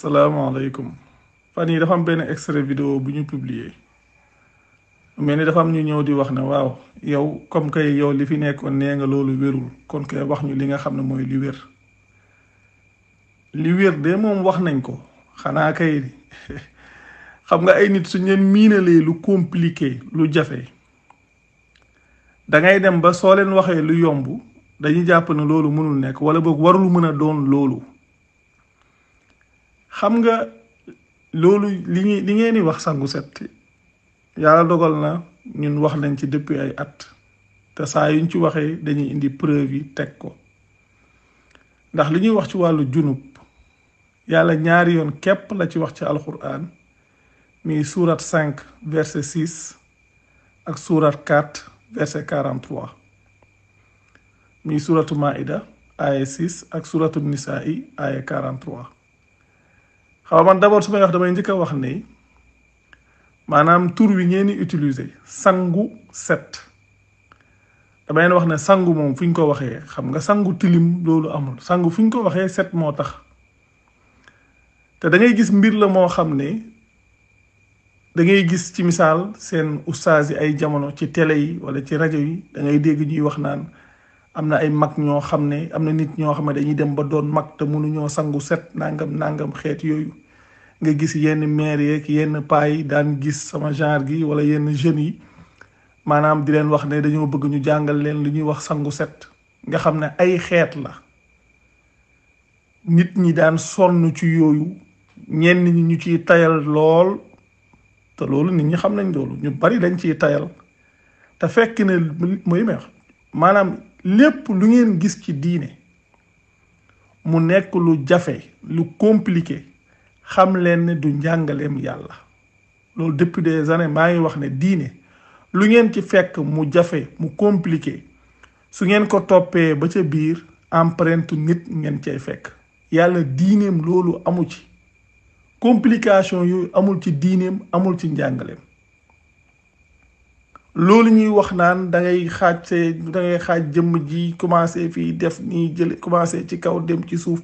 salaamaaleykum fan yi dafa am benn extrait vidéo bu ñu publier mel ni dafa am ñu ñëw di wax na waaw yow comme kay yow li fi nekkoon nee nga loolu wérul kon kay wax ñu li nga xam ne mooy lu wér li wér de moom wax nañ ko xanaa kay xam nga ay nit suñ leen miinalee lu compliqué lu jafe dangay dem ba soo leen waxee lu yomb dañuy jàpp ne loolu mënul nekk wala boog warul mën a doon loolu xam nga loolu li ñuy li ngeen di wax sangu set yàlla dogal na ñun wax nañ ci depuis ay at te saa yuñ ci waxee dañuy indi preuve yi teg ko ndax li ñuy wax ci wàllu junub yàlla ñaari yoon képp la ci wax ci alquran mi surat 5 verset 6 ak surat 4 verset 43 mi suratu maida aya 6 ak suratu nisa'i aya 43 xaw man d'abord su may wax damay njëkk a wax ni maanaam tur wi ngeen di utiliser sangu set damay wax ne sangu moom fu ñu ko waxee xam nga sangu tilim loolu amul sangu fu ñu ko waxee set moo tax te da ngay gis mbir la moo xam ne da ngay gis ci misaal seen ustaas yi ay jamono ci télé yi wala ci rajo yi da ngay dégg ñuy wax naan. am na ay mag ñoo xam ne am na nit ñoo xam ne dañuy dem ba doon mag te mënuñoo sangu set nangam nangam xeet yooyu nga gis yenn mair yeeg yenn paa daan gis sama genre gi wala yenn jeunes yi maanaam di leen wax ne dañoo bëgg ñu jàngal leen lu ñuy wax sangu set nga xam ne ay xeet la nit ñi daan sonn ci yooyu ñenn ñi ñu ciy tayal lool te loolu nit ñi xam nañ loolu ñu bari dañ ciy tayal te fekk ne muy meex maanaam. lépp lu ngeen gis ci diine mu nekk lu jafe lu compliqué xam leen ne du njàngaleem yàlla loolu depuis des années maa ngi wax ne diine lu ngeen ci fekk mu jafe mu compliqué su ngeen ko toppee ba ca biir empreinte nit ngeen cay fekk yàlla diineem loolu amu ci complication yooyu amul ci diineem amul ci njàngaleem loolu ñuy wax naan da ngay xaaj see da xaaj jëmm ji commencé fii def nii jël commencé ci kaw dem ci suuf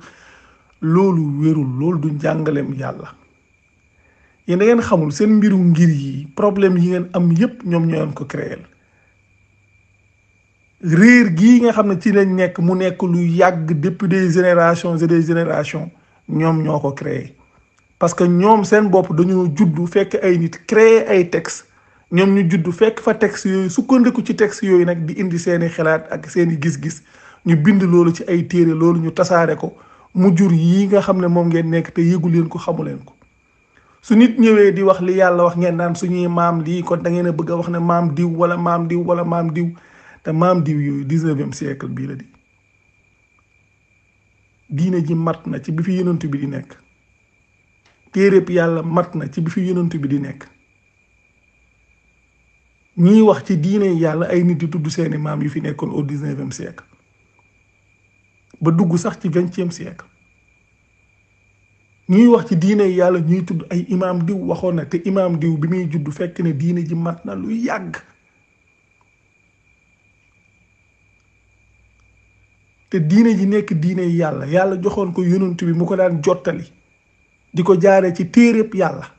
loolu wérul loolu du njàngaleem yàlla yéen da ngeen xamul seen mbiru ngir yi problème yi ngeen am yépp ñoom ñoo ko créer réer gii nga xam ne ci leen nekk mu nekk lu yàgg depuis des génération et des génération ñoom ñoo ko créer parce que ñoom seen bopp dañoo juddu fekk ay nit créer ay text ñoom ñu juddu fekk fa texte yooyu sukkandiku ci texte yooyu nag di indi seeni xalaat ak seeni gis-gis ñu bind loolu ci ay téere loolu ñu tasaare ko mu jur yii nga xam ne moom ngeen nekk te yëgu leen ko xamu leen ko su nit ñëwee di wax li yàlla wax ngeen naan suñuy maam lii kon dangeen bëgg a wax ne maam diw wala maam diw wala maam diw te maam diw yooyu dix-neuvième siècle bii la di diine ji mat na ci bi fi yonent bi di nekk téereb yàlla mat na ci bi fi bi di nekk ñiy wax ci diine yàlla ay nit yu tudd seeni maam yu fi nekkoon au dix-neuvième siècle ba dugg sax ci vingtième siècle ñuy wax ci diine yàlla ñuy tudd ay imaam diw waxoon na te imaam diw bi muy judd fekk ne diine ji mat na lu yàgg te diine ji nekk diine yàlla yàlla joxoon ko yonent bi mu ko daan jottali di ko jaaree ci téereb yàlla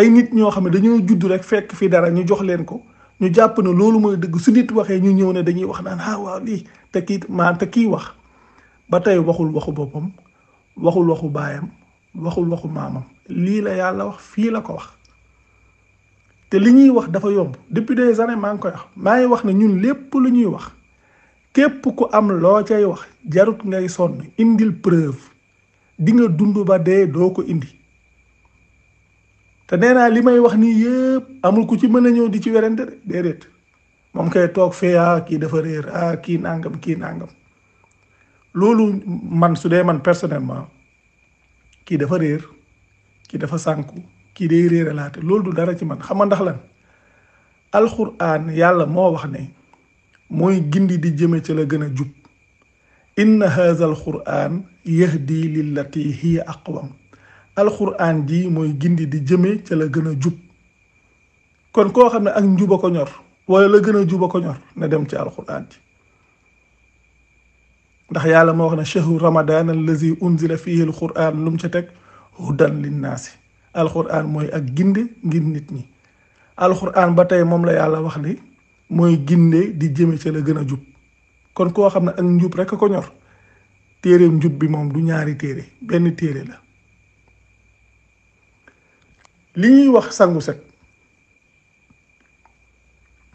ay nit ñoo xam ne dañoo judd rek fekk fii dara ñu jox leen ko ñu jàpp ne loolu mooy dëgg su nit waxee ñu ñëw ne dañuy wax naan ah waaw lii te kii maa te kii wax ba tey waxul waxu boppam waxul waxu baayam waxul waxu maamam lii la yàlla wax fii la ko wax te li ñuy wax dafa yomb depuis de années maa ngi koy wax maa ngi wax ne ñun lépp lu ñuy wax képp ko am loo cay wax jarut ngay sonn indil preuve di nga dund ba dee doo ko indi te nee naa li may wax nii yëpp amul ku ci mën a ñëw di ci werante de déedéet moom kay toog fee ah kii dafa réer ah kii nangam kii nangam loolu man su dee man personnellement kii dafa réer kii dafa sànku kii day réer laate loolu du dara ci man xam nga ndax lan alxuraan yàlla moo wax ne mooy gindi di jëme ca la gën a jub inna haazal quraan di lillati hiya aqwam alxuraan ji mooy gindi di jëme ca la gën a jub kon koo xam ne ak njuba ko wala la gën a juba na dem ci alxuraan ji yàlla moo wax ne chahru ramadan allazi unzila fihi alquran lu mu teg hudan linnaasi alquran mooy ak ginde nit ñi alquran tey moom la yàlla wax ni mooy ginde di jëme la gën a jub kon koo xam ne ak njub rekk ko ñor téereem njub bi moom du ñaari téere benn téere la li ñuy wax sangu set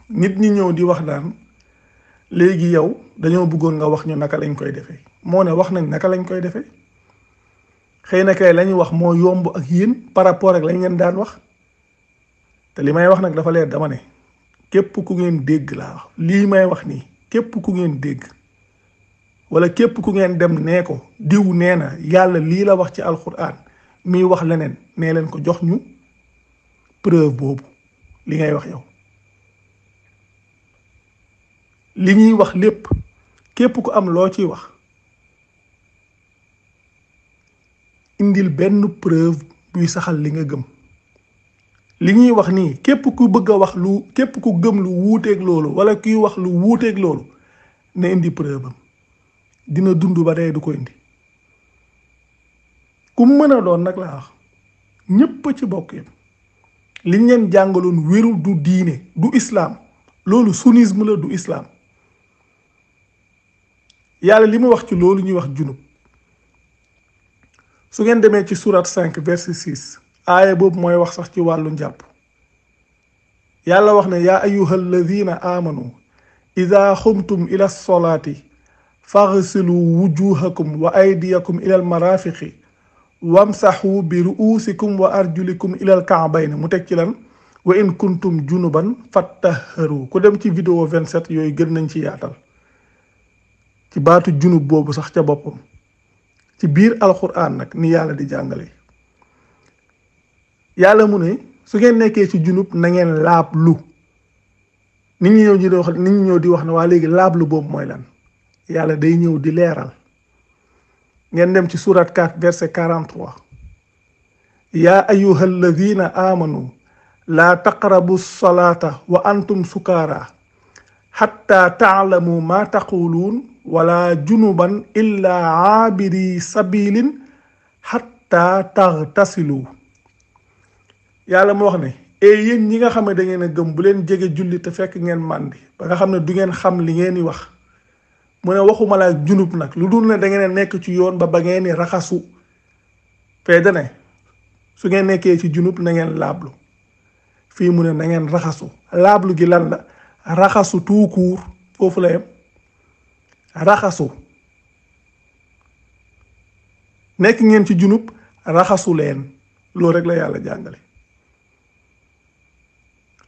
nit ñi ñëw di wax daan léegi yow dañoo buggoon nga wax ñu naka lañ koy defee moo ne wax nañ naka lañ koy defee xëy na kay la wax moo yomb ak yéen par rapport ak lañ leen daan wax te li may wax nag dafa leer dama ne képp ku ngeen dégg laa wax lii may wax nii képp ku ngeen dégg wala képp ku ngeen dem nee ko diw nee na yàlla lii la wax ci alxuraan miy wax leneen nee leen ko jox ñu. preuve boobu li ngay wax yow li ñuy wax lépp képp ku am loo ciy wax indil benn preuve buy saxal li nga gëm li ñuy wax nii képp ku bëgg a wax lu képp ku gëm lu wuuteeg loolu wala kuy wax lu wuuteeg loolu na indi preuve am dina dund ba day du ko indi ku mën a doon nag laa wax ñépp ci bokk liñ leen jàngaloon wérul du diine du islam loolu sunnisme la du islam yàlla li mu wax ci loolu ñuy wax junub su ngeen demee ci surat 5 verset 6 aaya boobu mooy wax sax ci wàllu njàpp yàlla wax ne yaa ayuha alladina amanu ida xumtum ila lsolaati faxsilu wujuhakum wa aydiyakum ila almarafiqi wamsahu bi ru'usikum wa arjulikum ilal ka'bayn mu wain ci lan wa in kuntum junuban fattaharu ku dem ci vidéo 27 yoy gën nañ ci yaatal ci baatu junub bobu sax ca boppam ci al alquran nak ni yalla di jangale yalla mu ne su ngeen nekké ci junub na ngeen lab lu nit ñi ñew di wax nit ñi ñew di wax na wa léegi lab lu bobu moy lan yalla day ñew di ngeen dem ci surat 4 verset 43 yaa ayuha alladina amanu laa taqrabu salata wa antum sukaara xatta taalamu ma taquluun wala junuban illa aabiri sabilin xatta taxtasilu yàlla mu wax ne e yéen ñi nga xam ne da ngeen a gëm bu leen jege julli te fekk ngeen màndi ba nga xam ne du ngeen xam li ngeen di wax mune waxuma la junub nak, lu dul ne da ngay nekk ci yoon ba ba ngeen raxasu ne su ngay nekkee ci junub na ngay lablu fi mune na ngay raxasu lablu gi lan la raxasu tout court fofu la raxasu nek ngeen ci junub raxasu len, lo rek la yalla jangale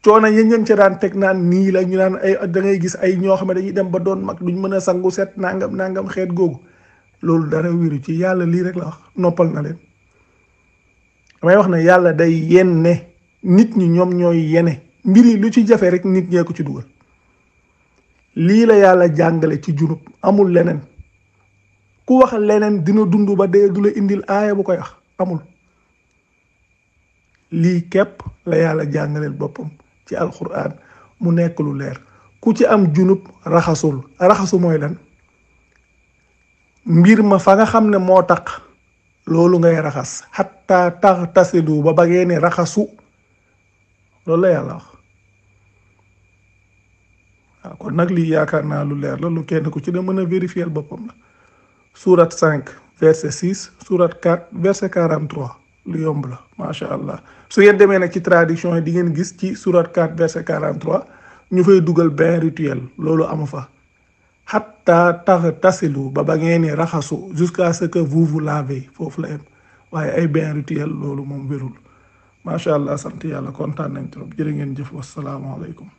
coono yéen ñeen ca daan teg naan nii la ñu naan ay da ngay gis ay ñoo xam ne dañuy dem ba doon mag lu ñu mën a sangu set nangam nangam xeet googu loolu dara wéru ci yàlla lii rek la wax noppal na leen damay wax na yàlla day yenne nit ñi ñoom ñooy yene mbir yi lu ci jafe rek nit ñee ko ci dugal lii la yàlla jàngale ci junub amul leneen ku wax leneen dina dund ba dee du la indil aaya bu koy wax amul lii képp la yàlla jàngaleel boppam ci alquran mu nekk lu leer ku ci am junub raxasul raxasu mooy lan mbir ma fa nga xam ne moo tax loolu ngay raxas xatta tax tasidu ba bagee ne raxasu loolu la yàlla wax kon nag lii yaakaar naa lu leer la lu kenn ku ci ne mën a vérifier boppam la sourate cinq verset six sourate quatre verset quarante trois lu yomb la macha allah su ngeen demee nag ci tradition yi di ngeen gis ci sourate 4 verset 43 ñu fay dugal bain rituel loolu amu fa hatta tax tasilu ba ba ngeen ni raxasu jusqu'à ce que vous vous lavez foofu la yem waaye ay bain rituel loolu moom wérul macha allah sant yàlla kontaan nañ trop jërë ngeen jëf wasalaamaaleykum